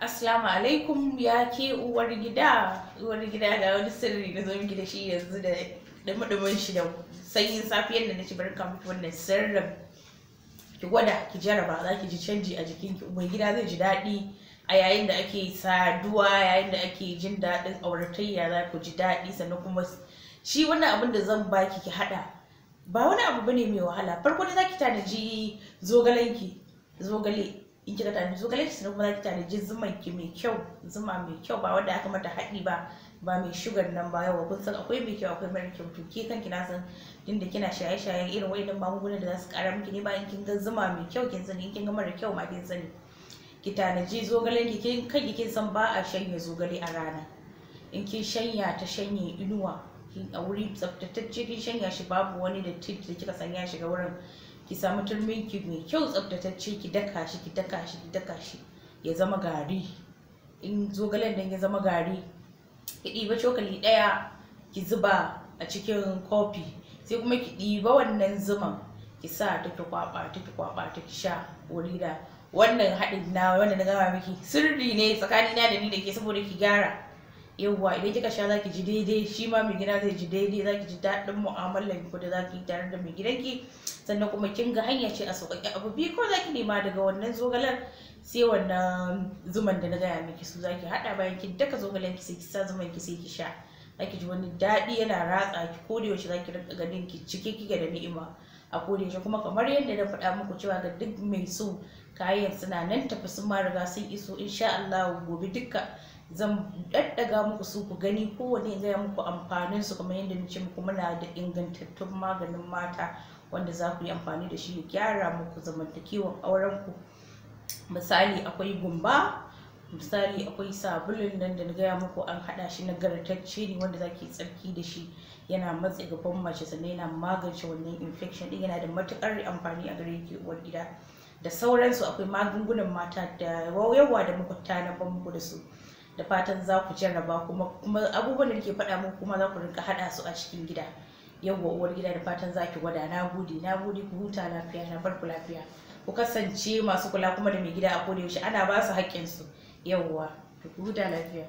Assalamu alaikum ya ke uwar gida uwar gida ga wani sirri da zomi miki da shi yanzu da dumudumin shi da sanyin safiyar da nace barka miki wannan sirrin ki gwada ki jaraba za ki ji canji a jikin ki uwar gida zai ji daɗi a yayin da ake saduwa yayin da ake jin daɗin auratayya za ku ji daɗi sannan kuma shi wannan abin da zan baki ki haɗa ba wani abu bane mai wahala farko da za ki tanaji zogalenki zogale in kika tafi zogale ki sanar kuma za ki tanaji zuman ki mai kyau zuma mai kyau ba wanda aka mata haɗi ba ba mai sugar nan ba yawa kun san akwai mai kyau akwai mara kyau to ke kanki na san inda kina shaye shaye irin wayannan magunguna da za su ƙara miki ne bayan kin ga zuma mai kyau kin sani in kin ga mara kyau ma kin sani ki tanaji zogalen ki kin kai kin san ba a shanye zogale a rana in kin shanya ta shanye inuwa a wuri tsaftatacce kin shanya shi babu wani datti da kika sanya shiga wurin ki samu turmin ki mai kyau tsaftatacce ki daka shi ki daka shi ki daka shi ya zama gari in zogalen nan ya zama gari ki ɗiba cokali ɗaya ki zuba a cikin kofi sai kuma ki ɗiba wannan zuman ki sa ta ki kwaba ta ki kwaba ta ki sha wuri wannan haɗin na wanda na gama miki sirri ne tsakanina da ni da ke saboda ki gyara yawwa idan kika sha zaki ji daidai shi ma mai gida zai ji daidai zaki ji daɗin mu'amalar ku da zaki tare da mai gidanki sannan kuma kin ga hanya ce a sauƙaƙe abu biyu ko zaki nema daga wannan zogalar sai wannan zuman da na gaya miki su zaki haɗa bayan kin daka zogalen ki sai ki sa zuman ki sai ki sha zaki ji wani daɗi yana ratsa ki ko da yaushe zaki rinka ganin ki cike kike da ni'ima a ko da kuma kamar yadda na faɗa muku cewa ga duk mai so kayan suna nan tafi sun ma riga sun iso insha Allah gobe dukka zan daddaga muku su ku gani kowane zai muku amfanin su kamar yadda nace muku muna da ingantattun maganin mata wanda za ku yi amfani da shi ya gyara muku zamantakewan auren ku misali akwai gumba misali akwai sabulun nan da na gaya muku an hada shi na gartacce ne wanda zaki tsarki da shi yana matse gaban mace sannan yana magance wannan infection din yana da matukar amfani a gare ki uwar gida da sauransu akwai magungunan mata da yawa da muka tana muku da su da fatan za ku jarraba kuma kuma abubuwan da nake faɗa muku kuma za ku rinka haɗa su a cikin gida yawwa uwar gida da fatan za ki gwada na gode na gode ku huta lafiya na barku lafiya ku kasance masu kula kuma da mai gida a koda yaushe ana ba su haƙƙinsu yawwa ku huta lafiya